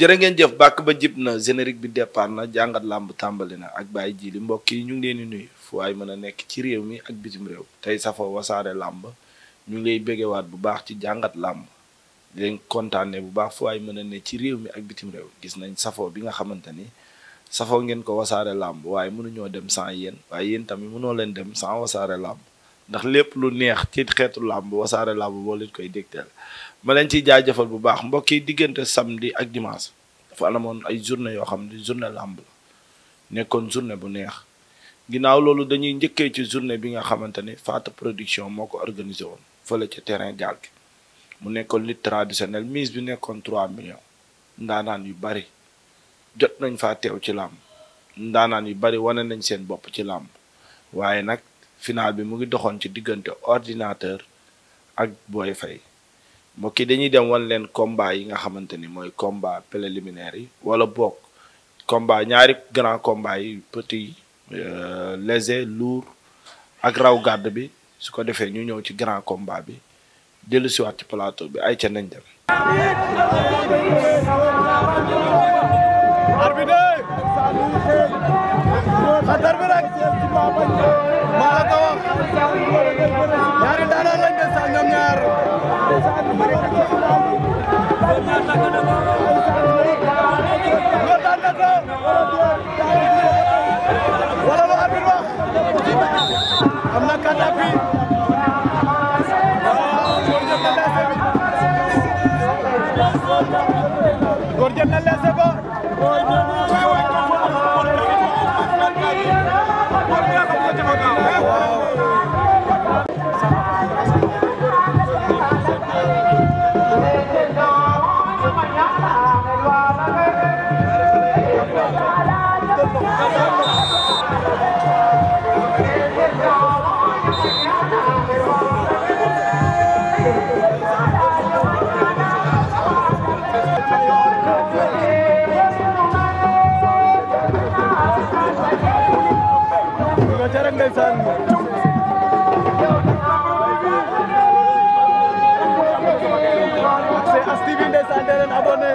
jërë ngeen jëf bàkk ba jib na générique bi départ na jàngat làmb tàmbali na ak bay Djily mbokk yi ñu ngi leen di nuyu fu waay mën a nekk ci réew mi ak bitim réew tey safoo wasaare làmb ñu ngi lay bégewaat bu baax ci jàngat làmb di leen kontaane bu baax fu waay mën na ne ci réew mi ak bitim réew gis nañ safoo bi nga xamante ni safoo ngeen ko wasaare làmb waaye mënuñoo dem sans yéen waaye yéen tamit mënoo leen dem sans wasaare làmb ndax lépp lu neex ci xeetu làmb wasaare làmb boo leen koy dégteel ma leen ciy jaajëfal bu baax mbokk yi diggante samedi ak dimanche dafa anamoon ay journée yoo xam ne journée làmb la nekkoon journée bu neex ginnaaw loolu dañuy njëkkee ci journée bi nga xamante ne Faata production moo ko organisé woon fële ca terrain gaal mu nekkoon lutte traditionnelle mise bi nekkoon trois millions ndaanaan yu bari jot nañ faa teew ci làmb ndaanaan yu bari wane nañ seen bopp ci làmb waaye nag final bi mu ngi doxoon ci diggante ordinateur ak Boy Faye mbokki dañuy dem wan leen combat yi nga xamante ni mooy combat préliminaire yi wala boog combat ñaari grand combat yi petit Euh, léger lourd ak raw gàdd bi su ko defee ñu ñëw ci grand combat bi dellu siwaat ci plateau bi ay ca dem Góor jël na leese ba dee leen abonné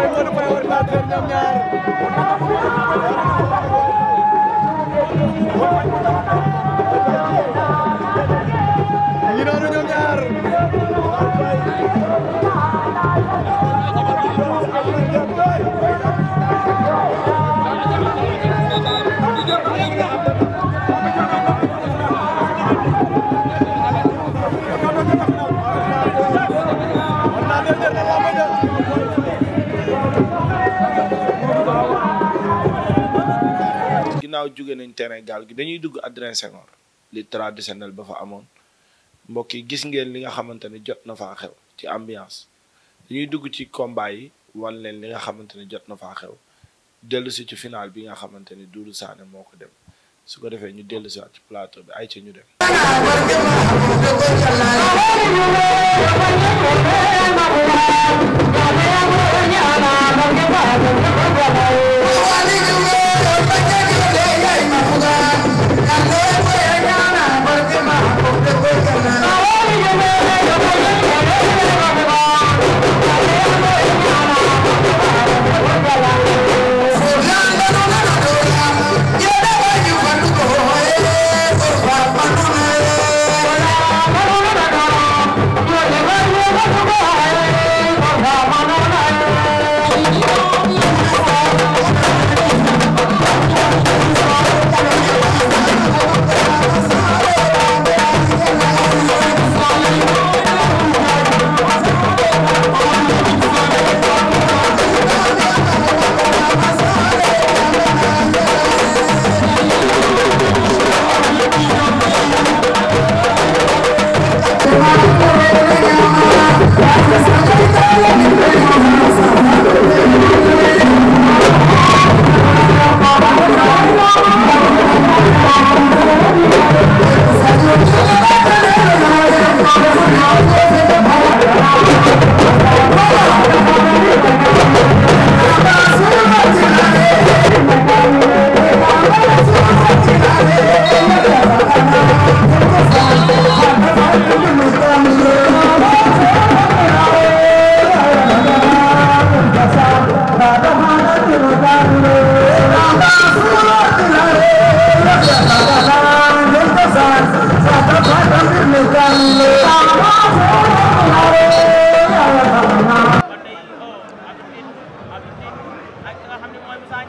mooy Modou Faye Ordinateur ñoom ñaar ginnaaw jóge nañ terrain gaal gi dañuy dugg Adrien Senghor li traditionnel ba fa amoon mbokk yi gis ngeen li nga xamante ne jot na faa xew ci ambiance dañuy dugg ci combat yi wan leen li nga xamante ne jot na faa xew dellu ci final bi nga xamante ne Doudou moo ko dem su ko defee ñu dellu waat ci plateau bi ay ci ñu def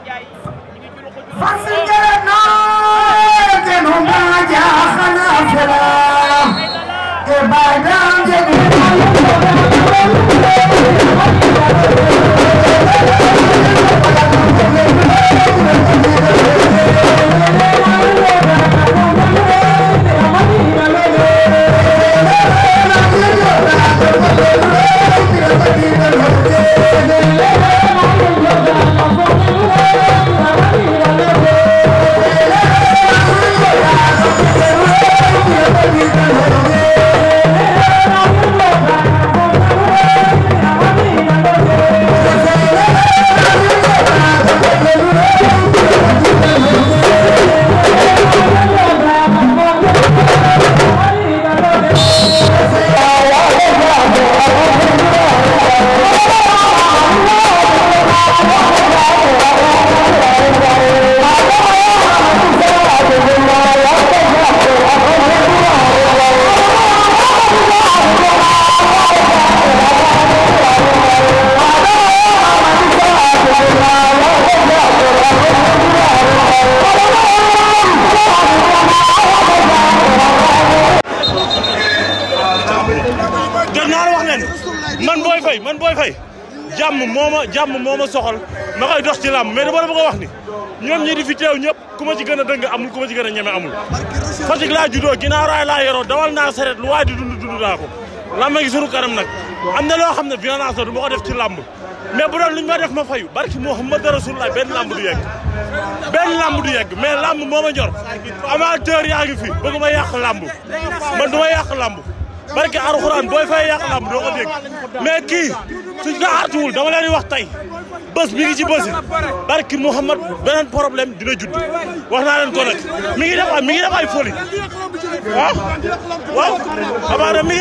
Ndiaye Faye man Boy Faye jàmm moo ma jàmm moo ma soxal ma koy dox ci làmb mais dama la bëgg a wax ni ñoom ñi di fi teew ñëpp ku ma ci gën a dëng amul ku ma ci gën a ñeme amul Fatick laa juddoo ginnaaw raay laa yoroo dawal naa saret lu waay di dund dund naa ko làmb gi sunu kanam nag am na loo xam ne violence la du ma ko def ci làmb mais bu doon lu ma def ma fayu barki Muhammad Rasulullah benn làmb du yegg benn làmb du yegg mais làmb moo ma ñor amateur yaa ngi fi bëgg ma yàq làmb man du ma yàq làmb barke alxuraan booy fay yàq lamb doo ko dégg mais kii suñ ko dama leen di wax tey bés mi ngi ci bési barke Mouhamad beneen problème dina judd wax naa leen ko nag mi ngi def ay mi ngi def ay mi ngi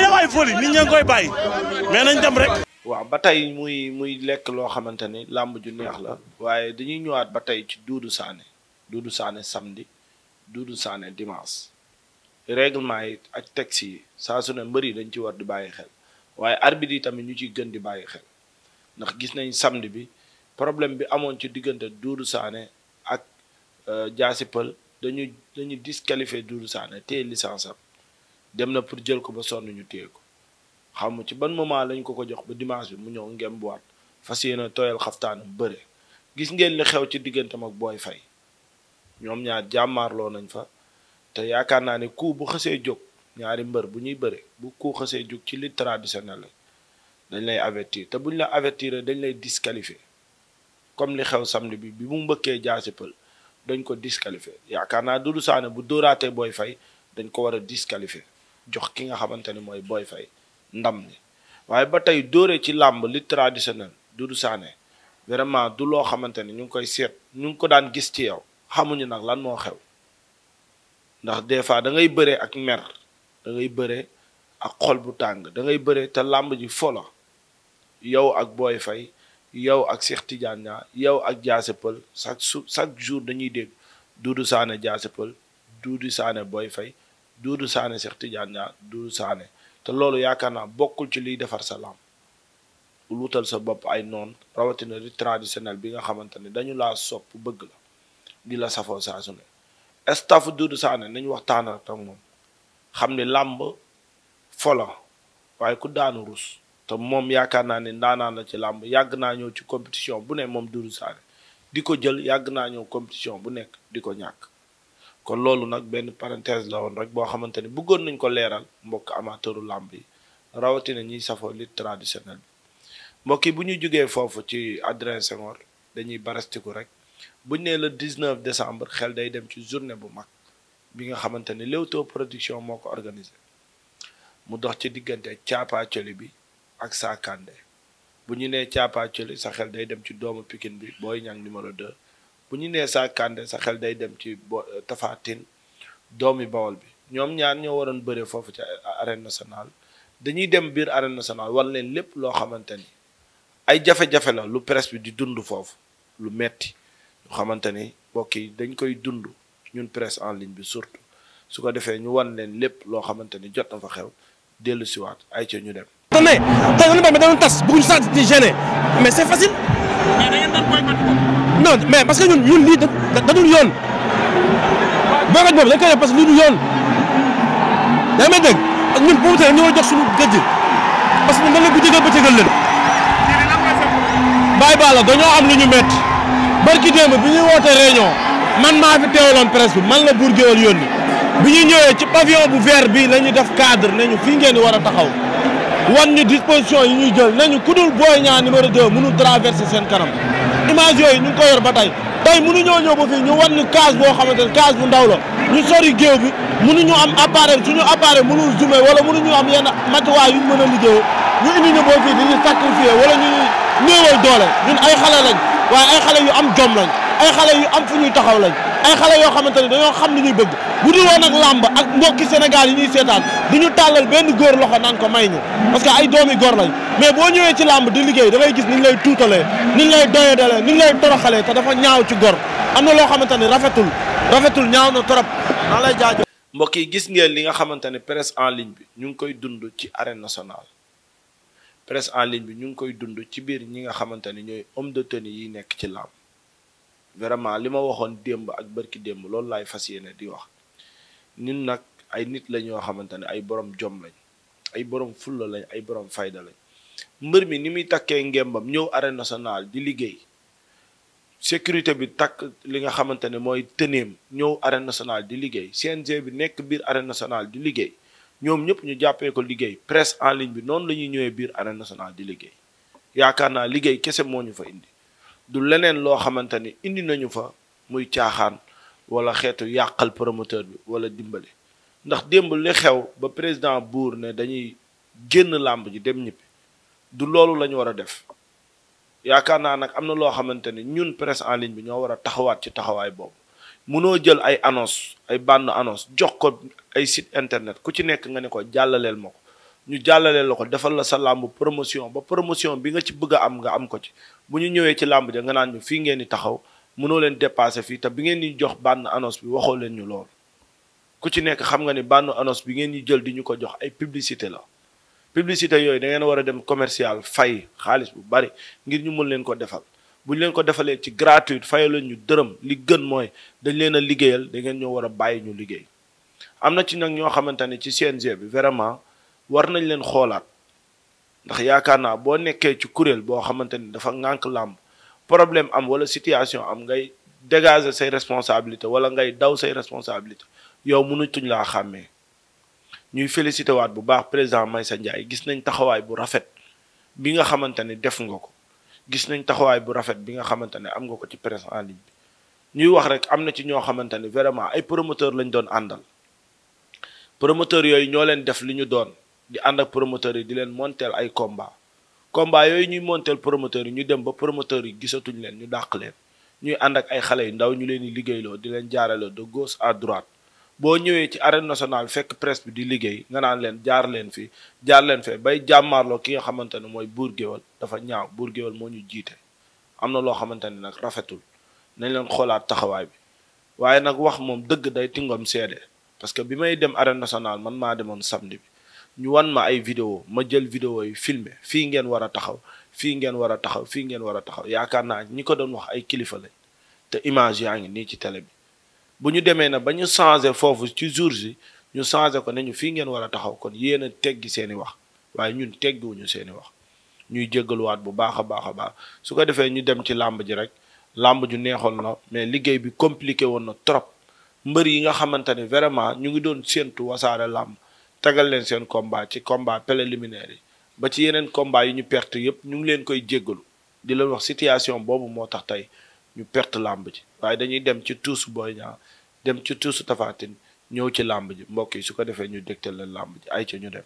def ay nit ñaa koy bàyyi mais nañ dem rek. waaw ba tey muy muy lekk loo xamante ni làmb ju neex la waaye dañuy ñëwaat ba tey ci Doudou Sané Doudou Sané samedi Doudou Sané dimanche règlement yi ak texte yi. saa su ne mbër yi dañ ci war di bàyyi xel waaye arbitre yi tamit ñu ciy gën di bàyyi xel ndax gis nañ samedi bi problème bi amoon ci diggante Doudou Sané ak Diassi euh, Peul dañu dañu disqualifié Doudou Sané téye licence dem na pour jël ko ba sonn ñu téye ko xamu ci ban moment lañ ko ko jox ba dimanche bi mu ñëw ngeen buwaat fas yéene tooyal xaftaanam bëre gis ngeen li xew ci diggante ak booy Faye ñoom ñaar jàmmaarloo nañ fa te yaakaar naa ne coup bu xësee jóg ñaari mbër bu ñuy bëre bu ku jóg ci ci li la dañ lay avertir te buñ la avertir dañ lay disqualifier comme li xew samedi bi bi mu mbëkkee jaasi pël dañ ko disqualifier yaakaar naa Doudou Sané bu dóoraatee booy Faye dañ ko war a disqualifier jox ki nga xamante ni mooy booy Faye ndam ni waaye ba tey dóore ci làmb li traditionnel Doudou Sané vraiment du loo xamante ni ñu ngi koy seet ñu ngi ko daan gis ci yow xamuñu nag lan moo xew ndax des fois da ngay bëree ak mer da ngay bëree ak xol bu tàng da ngay bëree te làmb ji fola yow ak booy fay yow ak Cheikh Tidiane Niang yow ak Diassé Peulh chaque jour dañuy dégg Doudou saane Diassé Peulh Doudou booy fay Faye saane Sané Cheikh Tidiane Niang Doudou te loolu yaakaar naa bokkul ci luy defar sa làmb luutal sa bopp ay noon rawatina di traditionnel bi nga xamante ne dañu laa sopp bëgg la di la safoo saa su ne staff Doudou Sané nañu waxtaan ak moom xam ni làmb folo waaye ku daanu rus te moom yaakaar naa ne ndaanaan la ci làmb yàgg naa ñëw ci compétition bu ne moom Doudou Sané di ko jël yàgg naa ñëw compétition bu nekk di ko ñàkk kon loolu nag benn parenthèse la woon rek boo xamante ni bëggoon nañ ko leeral mbokk amateuru làmb yi rawatina ñiy safoo lutte traditionnelle bi mbokk yi bu ñu jógee foofu ci Adrien Senghor dañuy barastiku rek buñ nee le 19 décembre xel day dem ci journée bu mag bi nga xamante ne Leewtoo production moo ko organisé mu dox ci diggante caapacoli bi ak saakande bu ñu nee caapacoli sa xel day dem ci doomu Pikine bi Boy Niang numéro de bu ñu nee saakande sa xel day dem ci euh, tafaatin doomi Bawol bi ñoom ñaan ñoo waroon bëre foofu ci euh, arène nationale dañuy dem biir arène nationale war leen lépp loo xamante ni ay jafe-jafe la lu presse bi di dund foofu lu metti ñu xamante ni mbokk yi dañ koy dund ñun presse en ligne bi surtout su ko defee ñu wan leen lépp loo xamante ni jot na fa xew dellu siwaat ay ca ñu dem. dañu ne tey dañu ne dañu tas bëgguñu sax di gêner mais c'est facile. mais da ngeen doon boycott ko. non mais parce que ñun ñun lii da da dul yoon boycott boobu dañ koy def parce que lii du yoon yaa ngi may dégg ak ñun boobu tamit ñu war a jox suñu gëdd parce que nan la bu jëgal ba jëgal leen. bàyyi baala dañoo am lu ñu métti barki démb bi ñuy woote réunion. man maa fi teewaloon presse bi man la Bour Gueweul yónni bi ñu ñëwee ci pavillon bu vert bi la ñu def cadre nañu fii ngeen war a taxaw wan ñu disposition yi ñuy jël nañu ku dul Boy Niang numéro 2 mënul traverser seen kanam image yooyu ñu ngi ko yor ba tey tey mënuñoo ñëw ba fii ñu wan ñu case boo xamante ne case bu ndaw la ñu sori géew bi ñu am appareil suñu appareil mënul zoomé wala mënuñu am yenn matuwaay yu mën a liggéey ñu indi ñu boo fii di ñu sacrifier wala ñu néewal ay xale lañ waaye ay am jom ay xale yu am fu ñuy taxaw lañ ay xale yoo xamante ne dañoo xam li ñuy bëgg bu dul woon ak làmb ak mbokki Sénégal yi ñuy seetaan du ñu tàllal benn góor loxo naan ko may ñu parce que ay doomi góor lañ mais boo ñëwee ci làmb di liggéey da ngay gis niñ lay tuutalee niñ lay doyedalee niñ lay toroxalee te dafa ñaaw ci góor am na loo xamante ne rafetul rafetul ñaaw na trop maa mbokk yi gis ngeen li nga xamante ne presse en ligne bi ñu ngi koy dund ci arène nationale presse en ligne bi ñu ngi koy dund ci biir ñi nga xamante ne ñooy homme de tenue yi nekk ci làmb vraiment li ma waxoon démb ak bërki démb loolu laay fas yéene di wax ñun nag ay nit la ñoo xamante ne ay borom jom lañ ay borom fulla lañ ay borom fayda lañ mbër mi ni muy takkee ngémbam ñëw arène nationale di liggéey sécurité bi takk li nga xamante ne mooy tëneem ñëw arène nationale di liggéey CNG bi nekk biir arène nationale di liggéey ñoom ñëpp ñu jàppee ko liggéey presse en ligne bi noonu la ñuy ñëwee biir arène nationale di liggéey yaakaar naa liggéey kese moo ñu fa indi du leneen loo xamante ni indi nañu fa muy caaxaan wala xeetu yàqal promoteur bi wala dimbali ndax démb li xew ba président buur ne dañuy génn làmb ji dem ñibbi du loolu la ñu war a def yaakaar naa nag am na loo xamante ni ñun presse en ligne bi ñoo war a taxawaat ci taxawaay boobu munoo jël ay annonce ay bànn annonce jox ko ay site internet ku ci nekk nga ne ko jàllaleel ma ko ñu jàllalee la ko defal la sa làmb promotion ba promotion bi nga ci bëgg a am nga am ko ci bu ñu ñëwee ci làmb ja nga naan ñu fii ngeen di taxaw mënoo leen dépassé fii te bi ngeen di jox bànn annonce bi waxoo leen ñu lool ku ci nekk xam nga ni bànn annonce bi ngeen ñu jël di ñu ko jox ay publicité la publicité yooyu da ngeen war a dem commercial fay xaalis bu bari ngir ñu mën leen ko defal bu ñu leen ko defalee ci gratuite leen ñu dërëm li gën mooy dañ leen a liggéeyal da ngeen ñoo war a bàyyi ñu liggéey am na ci nag ñoo xamante ne ci CNG bi vraiment war nañ leen xoolaat ndax yaakaar naa boo nekkee ci kuréel boo xamante ni dafa ŋànk làmb problème am wala situation am ngay dégager say responsabilité wala ngay daw say responsabilité yow mënatuñ laa xàmmee ñuy félicité waat bu baax président may sa Ndiaye gis nañ taxawaay bu rafet bi nga xamante ne def nga ko gis nañ taxawaay bu rafet bi nga xamante ne am nga ko ci presse en ñuy wax rek am na ci ñoo xamante ne vraiment ay promoteur lañ doon àndal promoteur yooyu ñoo leen def li ñu doon di ànd ak promoteurs yi di leen monteel ay combat combat yooyu ñuy monteel promoteurs yi ñu dem ba promoteurs yi gisatuñ leen ñu dàq leen ñuy ànd ak ay xale yu ndaw ñu leen di liggéeyloo di leen jaaraloo de gos à droite boo ñëwee ci arène national fekk presque bi di liggéey nga naan leen jaar leen fi jaar leen fee bay jàmmaarloo ki nga xamante ne mooy buur géwal dafa ñaaw buur géwal moo ñu jiite am na loo xamante ne nag rafetul nañ leen xoolaat taxawaay bi waaye nag wax moom dëgg day tingom seede parce que bi may dem arène nationale man maa demoon samedi ñu wan ma ay vidéo ma jël vidéo yi filme fii ngeen war a taxaw fii ngeen war a taxaw fii ngeen war a taxaw yaakaar naa ñi ko doon wax ay kilifa lañ te image yaa ngi nii ci télé bi bu ñu demee na ba ñu changé foofu ci jours yi ñu changé ko ne ñu fii ngeen war a taxaw kon yéen a teggi seen i wax waaye ñun teggiwuñu seen i wax ñuy jéggaluwaat bu baax a baax a baax su ko defee ñu dem ci làmb ji rek làmb ju neexoon la mais liggéey bi compliqué woon na trop mbër yi nga xamante ne vraiment ñu ngi doon séentu wasaare làmb tagal leen seen combat ci combat préliminaire yi ba ci yeneen combat yi ñu perte yëpp ñu ngi leen koy jéggalu di leen wax situation boobu moo tax tey ñu perte làmb ji waaye dañuy dem ci tuusu Boy Niang dem ci tuusu Tapha Tine ñëw ci làmb ji mbokk yi su ko defee ñu dégtal leen làmb ji ay ca ñu dem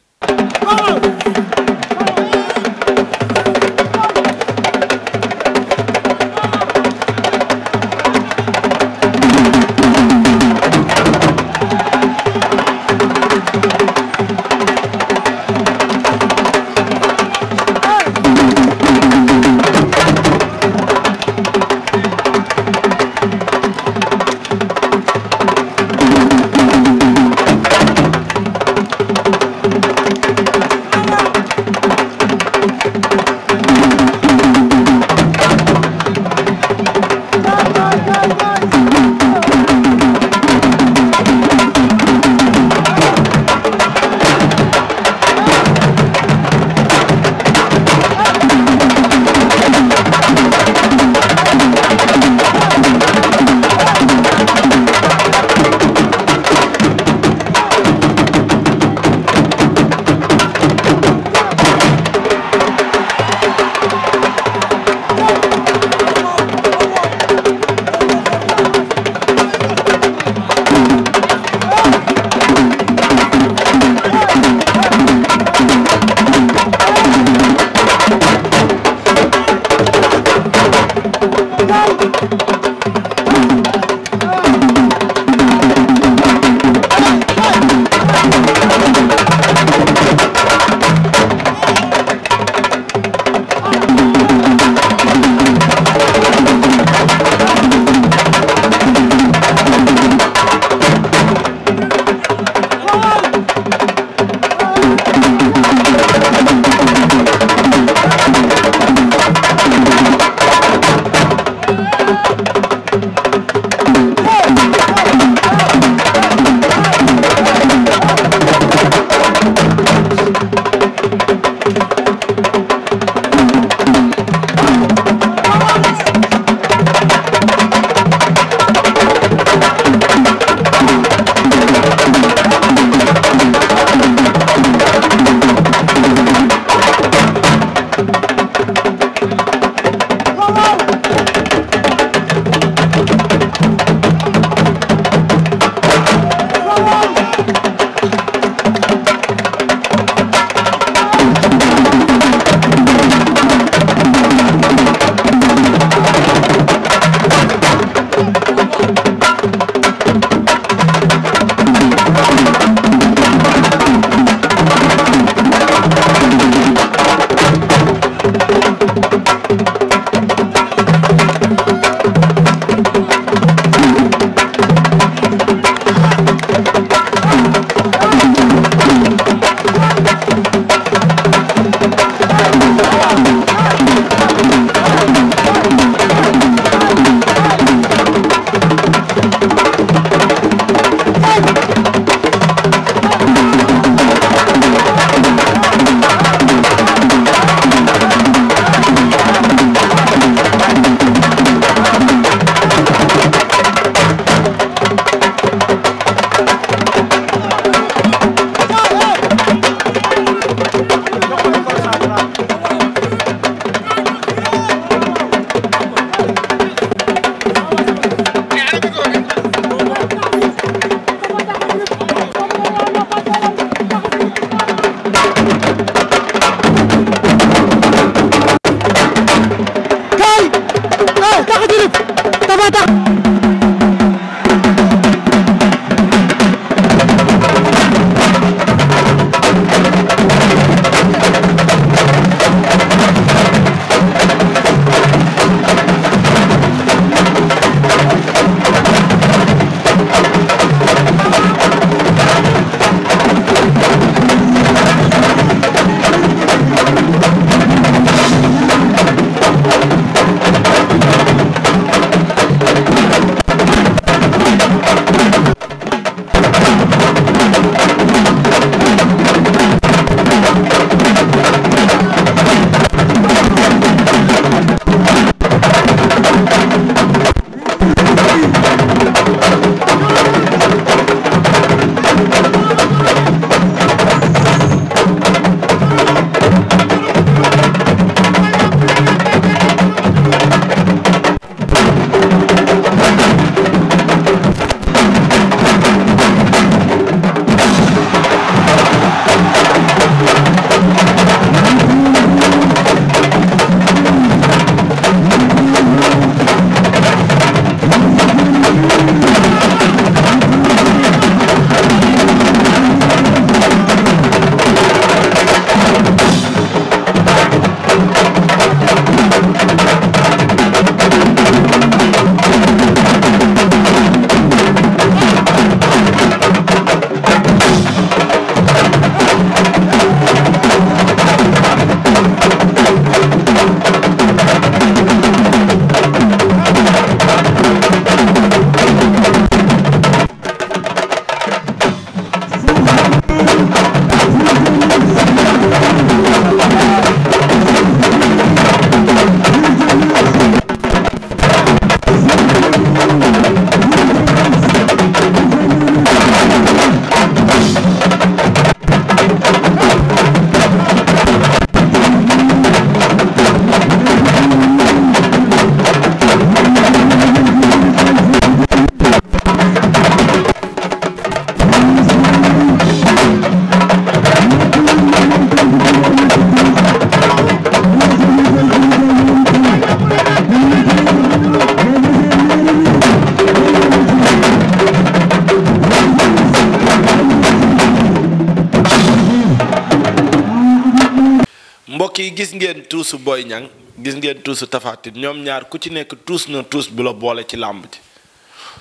tuusu Boy Niang gis ngeen tuusu Tapha ñoom ñaar ku ci nekk tuus na tuus bu la boole ci làmb ji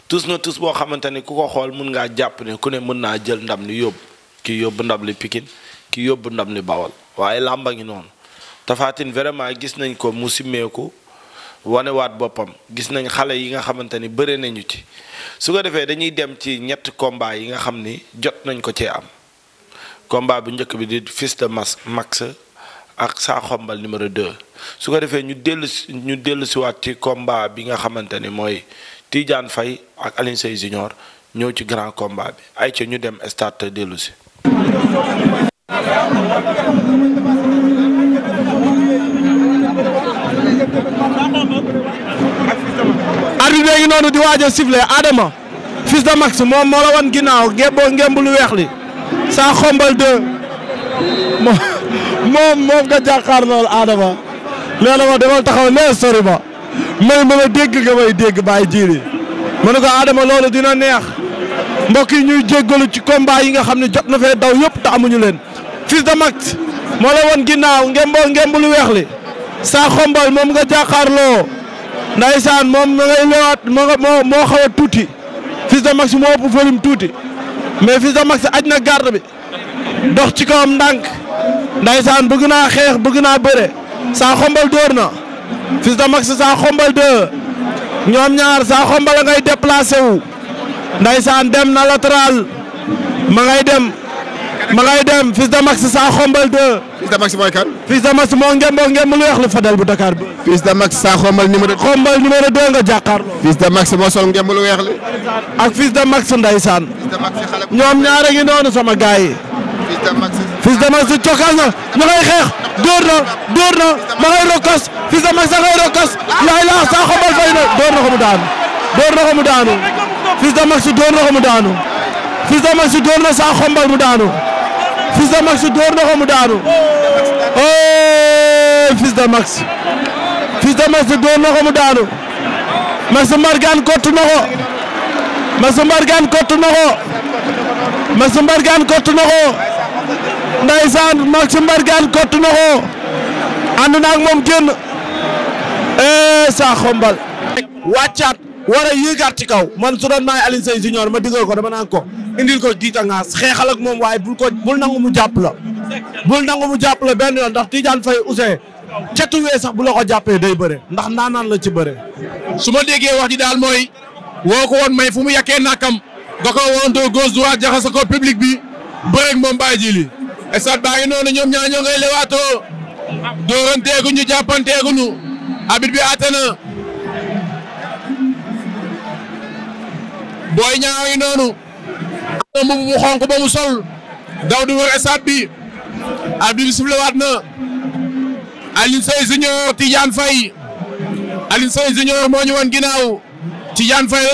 tuus na tuus boo xamante ni ku ko xool mun ngaa jàpp ne ku ne mën naa jël ndam li yóbbu ki yóbbu ndam li pikin ki yóbbu ndam li Bawol waaye làmb a ngi noonu Tapha Tine vraiment gis nañ ko mu simmeeku wanewaat boppam gis nañ xale yi nga xamante ni bëre nañu ci su ko defee dañuy dem ci ñett combat yi nga xam ni jot nañ ko cee am combat bu njëkk bi di fils de mas max ak saa xombal numéro 2 su ko defee ñu dellu si ñu dellu ci komba bi nga xamante ni mooy tiijaan Faye ak Alioune Seye Junior ñëw ci grand komba bi ay ca ñu dem stade te dellu si arbitre bi ngi noonu di waaj a sifflé Adama de Max moom moo la wan ginnaaw ngémboo ngémb lu weex li saa xombal 2 moom moom nga jàkkaar lool Adama nee na ma demal taxaw nee sori ma may ma ma dégg nga may dégg bàyyi jiiri ma ne ko Adama loolu dina neex mbokk yi ñuy jéggalu ci combat yi nga xam ne jot na fee daw yëpp te amuñu leen Fils de moo la woon ginnaaw ngemboo ngemb lu weex li saa xombal moom nga jàkkaarloo ndaysaan moom ma ngay leewaat moo moo tuuti Fils de Max moo ëpp volume tuuti mais Fils de Max aj na garde bi dox ci kawam ndànk ndaysaan bëgg naa xeex bëgg naa bëre saa xombal dóor na Fils de Max saa xombal deux ñoom ñaar saa xombal ngay déplacé ndaysaan dem na latéral ma ngay dem ma de Max saa xombal deux. Fils de Max mooy moo ngem moo ngem fadal bu Dakar bi. Fils de Max saa xombal numéro. xombal nga jàkkaarloo. Fils Max moo sol ngem lu weex ak Fils de Max ndaysaan. ñoom ñaar ngi noonu sama gaay Fils de Max cokkaas na ma ngay xeex door na door na ma ngay rokkas Fils de Max a ngay rokkas laay laa saa xombal fay na door na ko mu daanu door na ko mu daanu Fils de Max door na ko mu daanu Fils de Max door na saa xombal mu daanu Fils de Max door na ko mu daanu oh Fils de Max Fils de Max door na ko mu daanu Max Mbargane kottu na ko Max Mbargane kottu na ko Max Mbargane kottu na ko ndaysaan Maxime Mbargane kott na ko ànd na moom génn ee saa xombal wàccaat war a yéegaat ci kaw man su doon maay Alioune Sèye Junior ma digal ko dama naan ko indil ko jiita ngaas xeexal moom waaye bul ko nangu mu jàpp la bul nangu mu jàpp la benn yoon ndax Tidiane Faye Ousseyn cetu wee sax bu la ko jàppee day bëre ndax naanaan la ci bëre su ma déggee wax ji daal mooy woo ko woon may fu mu yàkkee nàkkam da ko woon doo gauche droite jaxase ko public bi stade baa ngi noonu ñoom ñaar ñoo ngay lewaatoo dóoranteeguñu jàppanteeguñu abit bi àtte booy ñaar ngi noonu am na mu ba mu sol daw wër stade bi abit bi siflewaat na Alioune Seye Junior Tidiane Faye Alioune Seye Junior moo ñu woon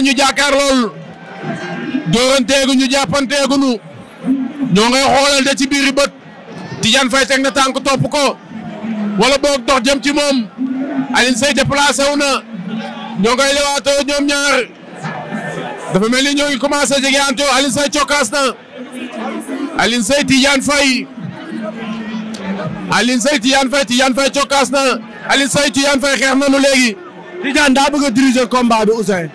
ñu jàkkaar lool dóoranteeguñu jàppanteeguñu ñoo ngay xoolante ci biir bët Tidiane Faye teg na tànk topp ko wala boog dox jëm ci moom Alioune Seye déplacé wu na ñoo ngay lewaatoo ñoom ñaar dafa mel ni ñoo ngi commencé jege anto Alioune Seye cokkaas na Alioune Seye Tidiane Faye Alioune Seye Tidiane Faye Tidiane na Alioune Seye Tidiane xeex nanu léegi Tidiane daa bëgg a diriger combat bi Ousseyn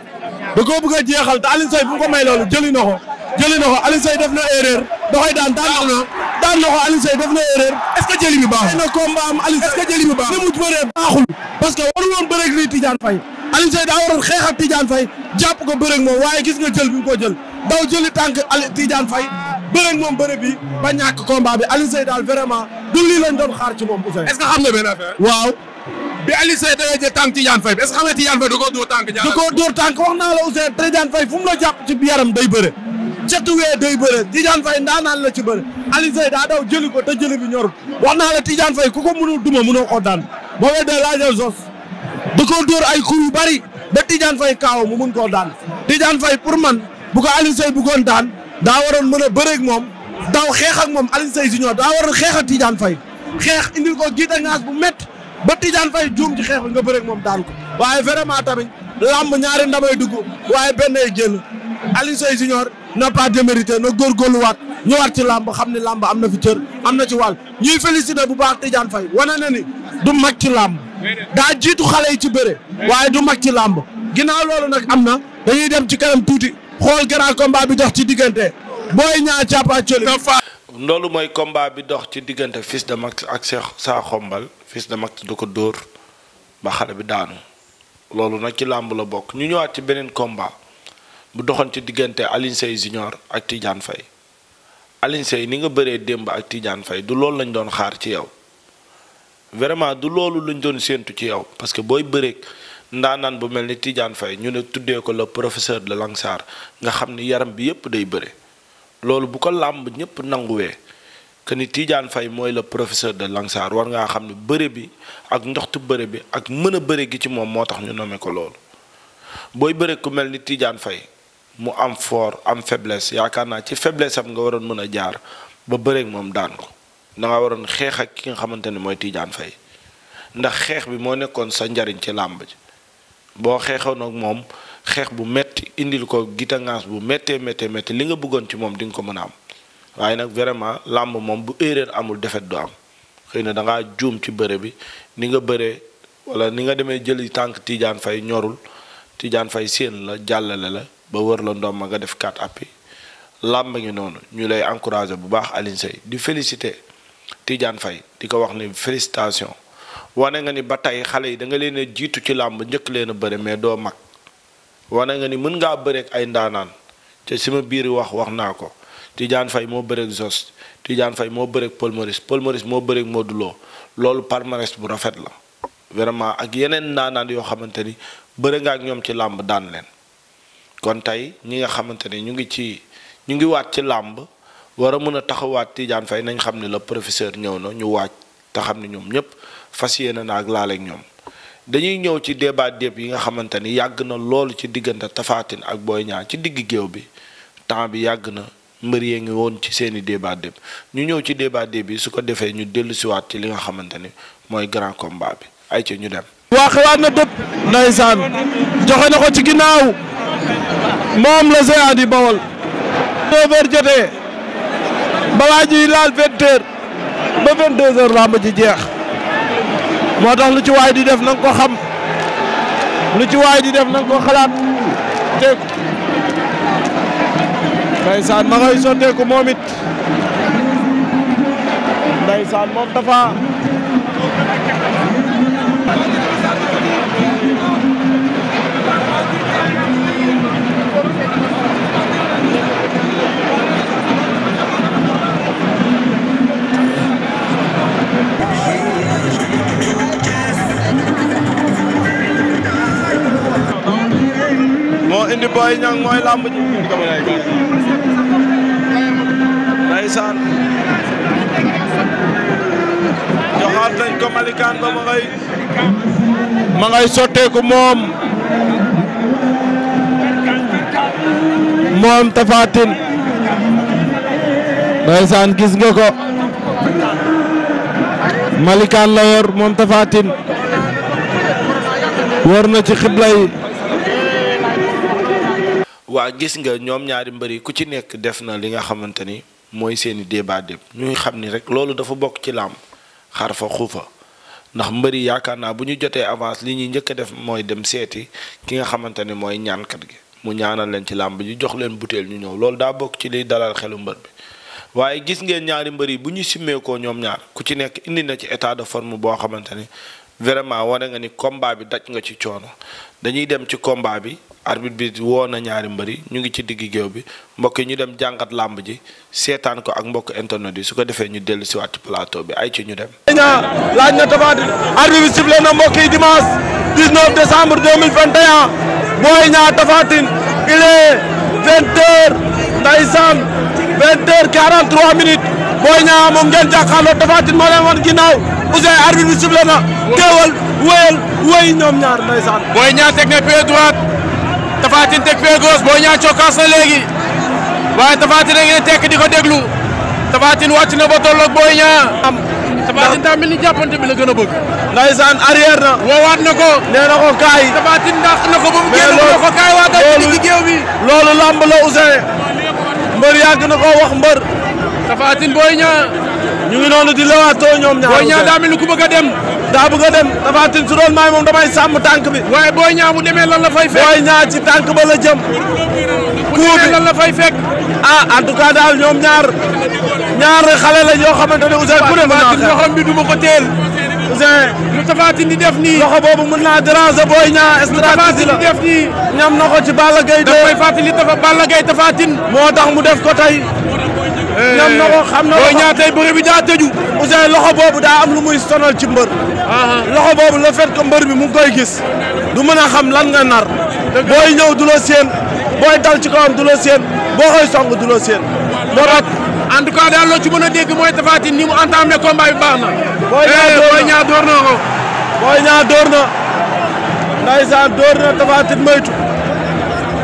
da koo bëgg a jeexal te Alioune Seye fu ko may loolu jëli na ko jëli na ko Alioune na erreur. da koy daan daan na daan na ko Alioune Seye def na erreur. est que jëli bi baaxul. parce que warul woon bëreeg nii Tidiane Faye. Alioune daa waroon xeex ak Tidiane jàpp ko bëreeg moom waaye gis nga jël bi mu ko jël daw jëli tànk Alioune Tidiane Faye moom bëre bi ba ñàkk combat bi Alioune Seye daal vraiment du lii doon xaar ci moom Ousseynou. est que xam nga benn affaire. waaw. bi Alioune Seye dangay jël tànk Tidiane Faye bi est ce que da koo dóor tànk. da koo dóor tànk wax naa la Ousseynou Tidiane Faye day bëre cetugee day bëre Tidiane Faye ndaanaan la ci bëre Alioune Seye daa daw jëli ko te jëli bi ñorut wax naa la Tidiane Faye ku ko mënul duma mënoo ko daan boo weddee laajal sos da koo dóor ay kur yu bari ba Tidiane Faye kaaw mu mun koo daan Tidiane Faye pour man bu ko Alioune bu goon daan daa waroon mën a moom daw xeexak moom Alioune Seye junior daa waroon xeex ak Tidiane Faye xeex indi ko giite ngaas bu met ba Tidiane Faye juum ci xeex nga bëreeg moom daan ko waaye vraiment tamit lamb ñaari ndamay dugg waaye benn ay Alioune Seye Junior n'a góor démérité na góorgóorluwaat ñëwaat ci làmb xam ne làmb am na fi cër am na ci wàll ñuy félicité bu baax Tidiane Faye wane na ni du mag ci làmb daa jiitu xale yi ci bëre waaye du mag ci làmb ginnaaw loolu nag am na dañuy dem ci kanam tuuti xool grand combat bi dox ci diggante booy ñaar càppa cëli ndoolu mooy combat bi dox ci diggante fis de Max ak Cheikh Sa Xombal Fils de Max du ko dóor ba xale bi daanu loolu nag ci làmb la bokk ñu ñëwaat ci beneen combat bu doxoon ci diggante Alioune Seye ak Tidiane fay Alioune Seye ni nga bëree démb ak Tidiane fay du loolu lañ doon xaar ci yow vraiment du loolu lañ doon séentu ci yow parce que booy bëreeg ndaanaan bu mel ni Tidiane fay ñu ne tuddee ko le professeur de Langsar nga xam ni yaram bi yépp day bëre loolu bu ko làmb ñépp nanguwee que ni Tidiane fay mooy la professeur de Langsar war ngaa xam ni bëre bi ak ndoxtu bëre bi ak mën a bëre gi ci moom moo tax ñu nommé ko loolu booy bëreeg ku mel ni Tidiane Faye mu am foor am faiblesse yaakaar naa ci faiblesse am nga waroon mën a jaar ba bëreeg moom daan ko da waroon xeex ak ki nga xamante ne mooy Tidiane fay ndax xeex bi moo nekkoon sa njariñ ci làmb ji boo xeexoon ak moom xeex bu metti indil ko gitangaas bu méttee méttee métti li nga bëggoon ci moom di nga ko mën a am waaye nag vraiment làmb moom bu erreur amul defet du am xëy na da ngaa juum ci bëre bi ni nga bëree wala ni nga demee jëli tànk Tidiane Faye ñorul Tidiane Faye séen la jàllale la ba wër la ndoom ma nga def 4 appuis làmb ngi noonu ñu lay encouragé bu baax Alioune di félicité Tidiane fay di ko wax ni félicitation wane nga ni ba tey xale yi da nga leen jiitu ci làmb njëkk leen a bëre mais doo mag wane nga ni mën ngaa bëreek ay ndaanaan te sima biir wax wax naa ko Tidiane fay moo bëreek Zos Tidiane Faye moo bëreek Paul Maurice Paul Maurice moo bëreek Modou Lo loolu palmarès bu rafet la vraiment ak yeneen ndaanaan yoo xamante ni bëre nga ak ñoom ci làmb daan leen kon tey ñi nga xamante ne ñu ngi ci ñu ngi waat ci làmb war a mën a taxawaat Tidiane fay nañ xam ne la professeur ñëw na ñu waaj te xam ne ñoom ñëpp fas yéene na ak laaleeg ñoom dañuy ñëw ci débat déeb yi nga xamante ni yàgg na loolu ci diggante Tapha ak Boy Niang ci digg géew bi temps bi yàgg na mbër yee ngi woon ci seeni débat ñu ñëw ci débat déeb yi su ko defee ñu dellu siwaat ci li nga xamante ni mooy grand combat bi ay ci ñu dem waa xewaat na dëpp ndeysaan joxe na ko ci ginnaaw moom la Géant di Baol. 9h jotee ñuy laal 20h ba 22h làmb ji jeex moo tax lu ci di def na ko xam lu ci waay di def na nga ko xalaat teg ndaysaan ma ngay sotteeku moom it ndaysaan moom dafa. Boy Niang malikaan ba ma ngay sotteeku moom moom Tapha Tine ndeysaan gis nga ko malikaan la wër moom Tapha Tine na ci xibla waa gis nga ñoom ñaari mbëri ku ci nekk def na li nga xamante ni mooy seen i débat déb ñuy xam ni rek loolu dafa bokk ci làmb xar fa xuufa ndax mbëri yaakaar naa bu ñu jotee avance li ñuy njëkk a def mooy dem seeti ki nga xamante ne mooy ñaankat gi mu ñaanal leen ci làmb ji jox leen butéel ñu ñëw loolu daa bokk ci liy dalal xelu mbër bi waaye gis ngeen ñaari mbër yi bu ñu simmeekoo ñoom ñaar ku ci nekk indi na ci état de forme boo xamante ni vraiment wane nga ni combat bi daj nga ci coono dañuy dem ci combat bi arbitre bi woo na ñaari mbëri ñu ngi ci diggu géew bi mbokk yi ñu dem jàngat làmb ji seetaan ko ak mbokk internet yi su ko defee ñu dellu si waat plateau bi ay ci ñu dem laaj na Tapha Tine arbitre bi sifflé moo leen wan ginnaaw Ousseyn arbitre bi sifflé na teewal wéyal ñoom ñaar ndeysaan Boy Niang teg na Tapha Tine teg pied gauche Boy Niang cokkaas na léegi waaye Tapha Tine a ngi di ko déglu Tapha Tine wàcc na ba tolloog Boy Niang. am Tapha Tine daa mel ni jàppante bi la gën a bëgg. ndaysaan arrière na. woowaat na ko. nee na ko kaay. Tapha Tine ndax na ko ba mu génn na ko kaay waa daj ci loolu lamb la mbër yàgg na koo wax mbër. Tapha Tine Boy Niang. ñu ngi noonu di lewaatoo ñoom ñaar Boy Niang daa mel ni ku bëgg a dem. daa bëgg a dem Tapha Tine su doon maay moom damay sàmm tànk bi. waaye Boy Niang bu demee lan la fay fekk. Boy Niang ci tànk ba la jëm. ku demee lan la fay fekk. ah en tout ñaar ñaar xale la xamante ne Ousseyn ku ne mën naa loxoom bi du ma ko teel. Ousseyn lu Tapha Tine di def nii. loxo boobu mën naa déranger Boy Niang. stratégie la lu Tapha Tine di def nii. ñam na ci Balla Gaye de. moo tax mu def ko tey. Eh. ñam na ko xam na ko bi daa tëju. Ouzin loxo boobu daa am lu muy sonal ci mbër. loxo boobu le fait que mbër bi mu ngi koy gis du mën a xam lan nga nar. booy ñëw du la séen booy dal ci kawam du la séen boo koy du la séen. moo tax en tout cas daal loo ci mën a dégg mooy Tapha Tine ni mu entamé combat bi baax na. booy ñaa eh, door na ko booy ñaa door na. ndaysaan door na Tapha Tine moytu.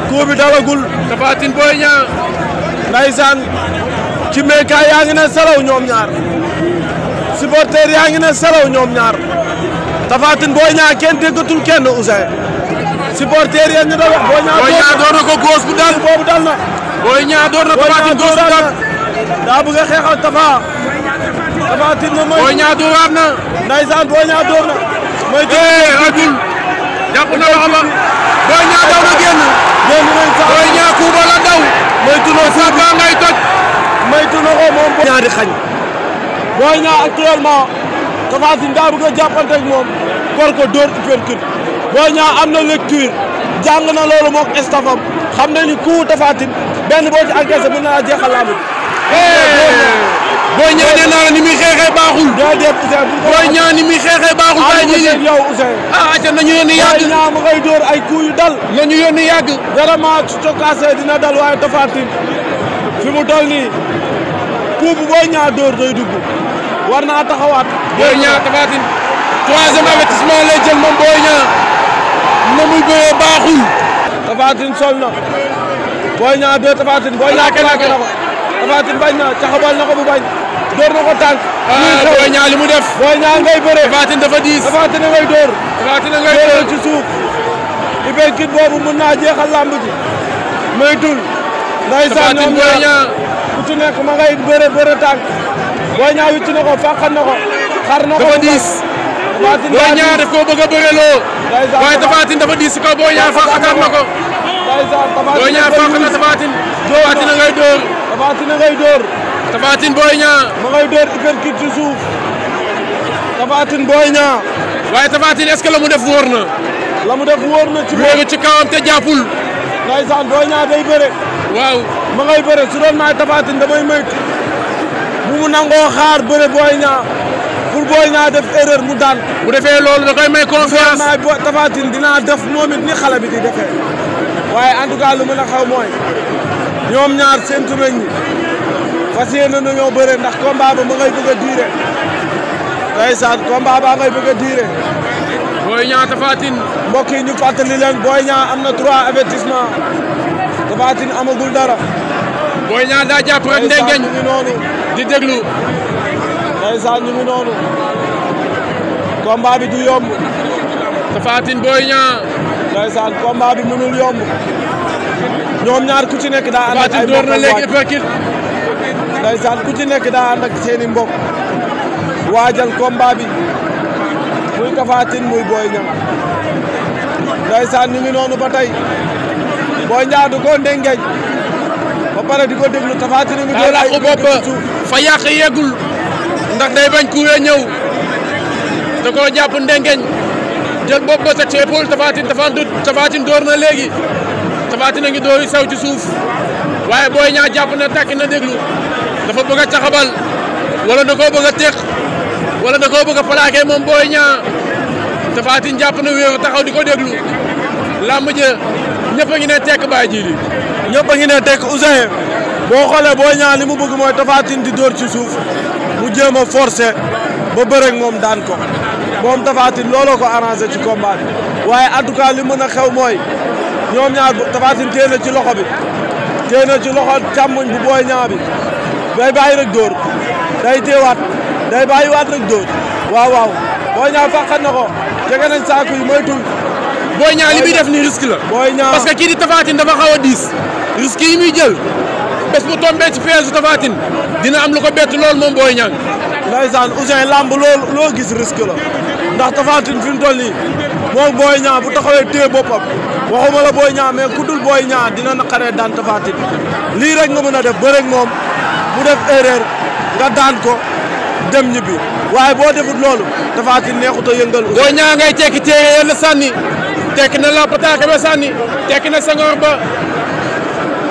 coup bi dalagul. Tapha Tine booy ñaa. salaw ñoom ñaar. supporter yaa ngi ne selaw ñoom ñaar Tapha Tine Boy Niang kenn déggatul kenn Ousseyn supporter yéen ñu doon wax Boy Niang. Boy Niang door na ko góos bu dal boobu dal na. Boy Niang door na Tapha Tine a xeex ak Tapha. Tapha Tine na na. Ndeysaan na. mooy jërëjëf rajul eh, jàpp daw na génn. génn nañ sax Boy Niang kuuba la daw. moytu na ko sa baa xañ. Boy Niang actuellement Tapha Tine daa bëgg a jàppante ak moom kor ko dóor uppercut Boy Niang am na lecture jàng na loolu moog estafam xam na ni ku Tapha benn boo ci encaissé mën na la jeexal laa bëgg. Boy Niang nee naa la ni muy xeexee baaxul. déedéet Ousseyn bu Boy Niang ni muy xeexee baaxul. bàyyi ñu ne yow Ousseyn. ah ayca nañu ay coups yu dal. nañu yónni yàgg. vraiment dina dal waaye Tapha fi mu dol nii. coup bu Boy Niang dóor day dugg war naa taxawaat. Boy Niang Tapha Tine troisième avertissement lay jël moom Boy Niang na caxabal na ko bu bañ dóor na ko tànk. ah Boy Niang li mu def. Boy Niang ngay bëree Tapha boobu mën naa jeexal lamb ji. may dul. ndeysaan ñoom ñaar ku ci nekk ma ngay bëre bëre tànk booy ñaa wicc na ko fàqan na ko xar diis booy ñaa daf koo bëgg a bëreloo waaye tafaatin dafa diis kaw booy ñaa fàqatan na booy ñaa fàq na tafaatin a ngay a ngay dóor tafaatin booy ñaa ma ngay dóor booy ñaa waaye tafaatin est-ce que la mu def wóor ci wóoru ci kawam te jàppul ndeysaan booy ñaa day bëre waaw ma ngay bëre su doon maay tafaatin damay moytu bu mu nangoo xaar bëre booy ñaa pour booy ñaa def erreur mu daan. bu defee loolu da koy may confiance maay dinaa def moom it ni xale bi di defee waaye en tout cas lu mën a xaw mooy ñoom ñaar seen tumeñ ñi fas yéene nañoo bëre ndax combat ba ma ngay bëgg a diire ndeysaan combat ba ngay bëgg a diire. booy ñaa tafaatin. mbokk ñu fàttali leen booy ñaa am na trois avertissement Tapha Tine amagul dara. Boy Niang daa jàpp di déglu. ndeysaan ñu ngi noonu. combat bi du yomb. Tapha Tine Boy Niang. ndeysaan combat bi mënul yomb. ñoom ñaar ku ci nekk daa ànd ak ay ku ci nekk daa seeni mbokk. waajal combat bi. muy Tapha Tine muy Boy Niang. ndeysaan ñu ngi noonu ba tey. boo Niang du ko ndengeñ ba pare di ko déglu Tapha Tine mi doon ay bopp fa yàq yeggul ndax day bañ kuwee ñëw da koo jàpp ndengeñ jël bopp ba teg ci épaule Tapha door na léegi Tapha Tine a ngi sew ci suuf waaye Boy Niang jàpp na takk na déglu dafa bëgg a caxabal wala da koo bëgg a teq wala da koo a moom Boy Niang Tapha Tine jàpp na wéeru taxaw di ko déglu làmb ja ñëpp a ngi ne tekk Baye Djily ñëpp a ne tekk Ouzin boo xoolee boo ñaa li mu bëgg mooy Tapha Tine di dóor ci suuf mu jéem a forcer ba bëreeg moom daan ko moom Tapha Tine looloo ko arrangé ci combat waaye en tout cas li mën a xew mooy ñoom ñaar Tapha Tine téye na ci loxo bi téye na ci loxo càmmoñ bu booy ñaa bi day bàyyi rek dóor day téewaat day bàyyi waat rek dóor waaw waaw ñaa fàqat na ko jege nañ saako Boy Niang li muy def nii risque la. Boy Niang parce que kii di Tapha Tine dafa diis. risque yi muy jël bés bu tombee ci piège Tapha dina am lu ko bett lool moom Boy Niang. ndeysaan Ousseyn làmb loolu loo gis risque la ndax Tapha Tine fi mu toll nii moom Boy Niang bu taxawee téye boppam waxuma la Boy Niang mais ku dul Boy Niang dina daan Tapha Tine lii rek nga mën a def ba rek moom mu def erreur nga daan ko dem ñibbi waaye boo defut loolu Tapha Tine neexut a yëngal. Boy tekki na la pataaka ba sànni tekki na sangoor ba.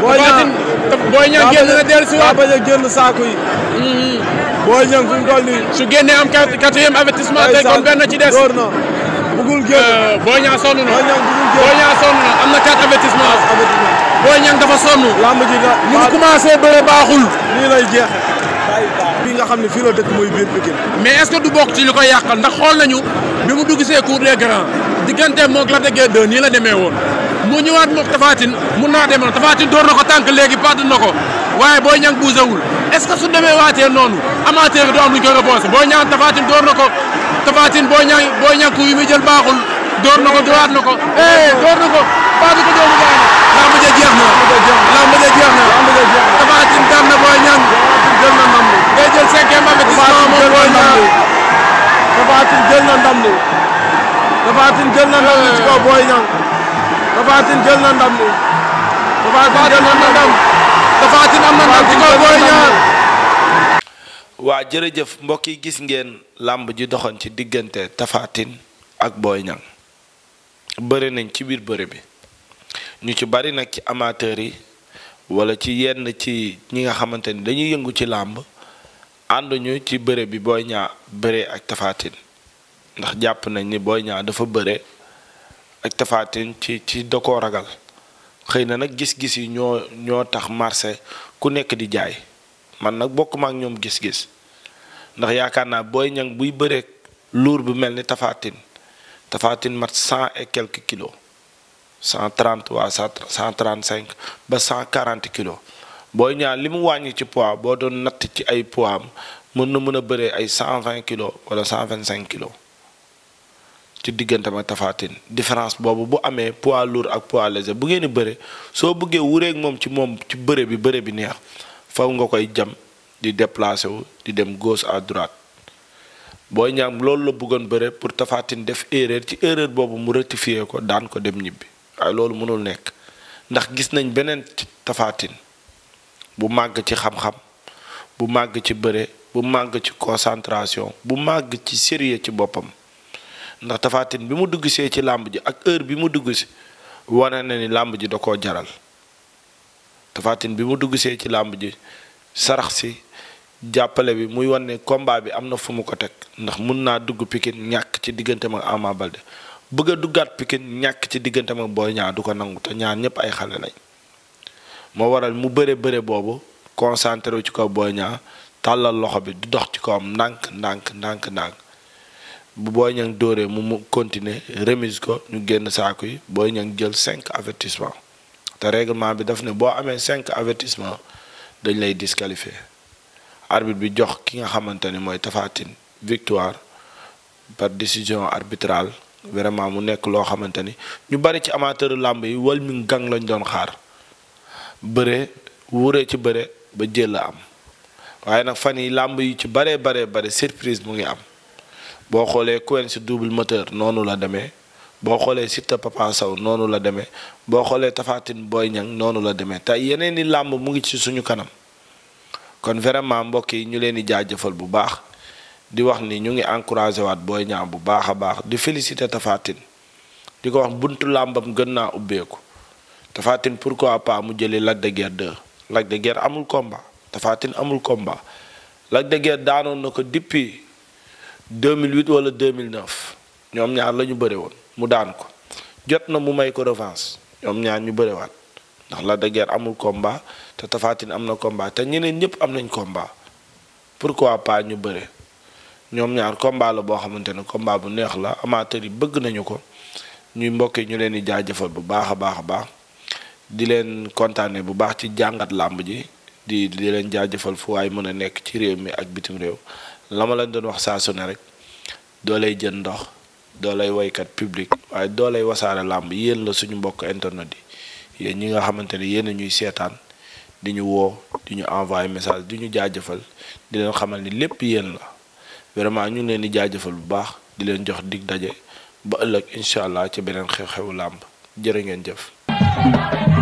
booy ñaan booy ñaan génn na dellu si waat ba génn saako yi. Mm-hmm. booy ñaan fi mu toll su génnee am quatrième avertissement tey kon benn na bugul génn. Euh, booy ñaan sonn na booy ñaan sonn na am na quatre avertissement. booy ñaan dafa sonn. lamb ji da baaxul. nii lay jeexee. bi nga xam ne fii la dëkk mooy biir Pikine mais est-ce que du bokk ci li koy yàqal ndax xool nañu bi mu dugg see cour des diggante moog Lac de Guiers 2 nii la demee woon mu ñëwaat moog Tapha mun naa demal Tapha Tine door na ko tànk léegi pàdd na ko waaye Boy Niang bougéwul est-ce que su demee waatee noonu amateur bi doo am lu ñu koy reposé Boy Niang Tapha Tine door na ko Tapha Tine Boy Niang Boy muy jël baaxul door na ko doraat na ko eh door na ko pàdd ko doomu daanu. lamb ja jeex jël na ndam li day jël cinquième avertissement moom jël na ndam waa jërëjëf mbokk yi gis ngeen làmb ji doxoon ci diggante tafaatin ak Boy Niang bëri nañ ci biir bëri bi ñu ci bari nag ci amateurs yi wala ci yenn ci ñi nga xamante ni dañuy yëngu ci làmb ànduñu ci bëre bi Boy Niang ak tafaatin ndax jàpp nañ ni booy ñaar dafa bëre ak tafaatin ci ci da koo ragal xëy na nag gis-gis yi ñoo ñoo tax marché ku nekk di jaay man nag bokkuma ak ñoom gis-gis ndax yaakaar naa booy Niang buy bëreek luur bu mel ni tafaatin Tine mat cent et quelques kilos cent trente waa cent trente cinq ba cent quarante kilos booy ñaar li mu wàññi ci poids boo doon natt ci ay poids mën na mën a bëree ay cent vingt kilos wala cent vingt cinq kilos ci diggante ma tafaatin différence boobu bu amee poids lourd ak poids léger bu ngeen di bëre soo bëggee wureek moom ci moom ci bëre bi bëre bi neex faw nga koy jam di déplacé wu di dem gauche à droite booy ñaam loolu la bëggoon bëre pour tafaatin def erreur ci erreur boobu mu rectifier ko daan ko dem ñibbi waaye loolu mënul nekk ndax gis nañ beneen tafaatin bu màgg ci xam-xam bu màgg ci bëre bu màgg ci concentration bu màgg ci sérieux ci boppam ndax tafaatin bi mu dugg see ci làmb ji ak heure bi mu dugg si wane na ni làmb ji da koo jaral tafaatin bi mu dugg see ci làmb ji sarax si jàppale bi muy wane ne bi am na fu mu ko teg ndax mun naa dugg pikin ñàkk ci diggante mag Ama Baldé bëgg a duggaat pikin ñàkk ci diggante mag Boy ñaar du ko nangu te ñaar ñëpp ay xale lañ moo waral mu bëre bëre boobu concentré wu ci kaw Boy Niang tàllal loxo bi di dox ci kawam ndànk ndànk ndànk ndànk. bu Boy Niang dóoree mu mu continuer remise ko ñu génn saaku yi Boy Niang jël cinq avertissement te réglement bi daf ne boo amee cinq avertissement dañ lay disqualifier arbitre bi jox ki nga xamante ni mooy Tapha Tine victoire par décision arbitrale vraiment mu nekk loo xamante ni ñu bari ci amateur làmb yi wal mi gang lañu doon xaar bëre wuree ci bëre ba jël la am waaye nag fan yi làmb yi ci baree baree bare surprise mu ngi am boo xoolee Quench si double moteur noonu la demee boo xoolee Siteu Papa Sow noonu la demee boo xoolee tafaatin booy Boy noonu la demee te yeneen i làmb mu ngi ci suñu kanam kon vraiment mbokk yi ñu leen di jëfal bu baax di wax ni ñu ngi encouragé waat booy Niang bu baax a baax di félicité tafaatin di ko wax buntu làmbam gën naa ubbeeku Tapha Tine pourquoi pas mu jëli Lac de Guiers 2 Lac amul komba Tapha amul combat Lac daanoon na ko depuis 2008 wala 2009 ñoom ñaar la ñu bëre woon mu daan ko jot na mu may ko revanche ñoom ñaar ñu bërewaat ndax la de amul komba te Tapha Tine am na combat te ñeneen ñëpp am nañ combat pourquoi pas ñu bëre ñoom ñaar combat la boo xamante ne combat bu neex la amateur yi bëgg nañu ko ñuy mbokk ñu leen di jaajëfal bu baax a baax a baax di leen kontaane bu baax ci jàngat làmb ji di di leen jaajëfal fu waay mën a nekk ci réew mi ak bitim réew. la ma leen doon wax saa su ne rek doo lay jën ndox doo lay woykat public waaye doo lay wasaare làmb yéen la suñu mbokk internet yi yéen ñi nga xamante ne yéen a ñuy seetaan di ñu woo di ñu envoyé message di ñu jaajëfal di leen xamal ni lépp yéen la vraiment ñu leen di jaajëfal bu baax di leen jox dig daje ba ëllëg incha allah ci beneen xew-xewu làmb jërë ngeen jëf.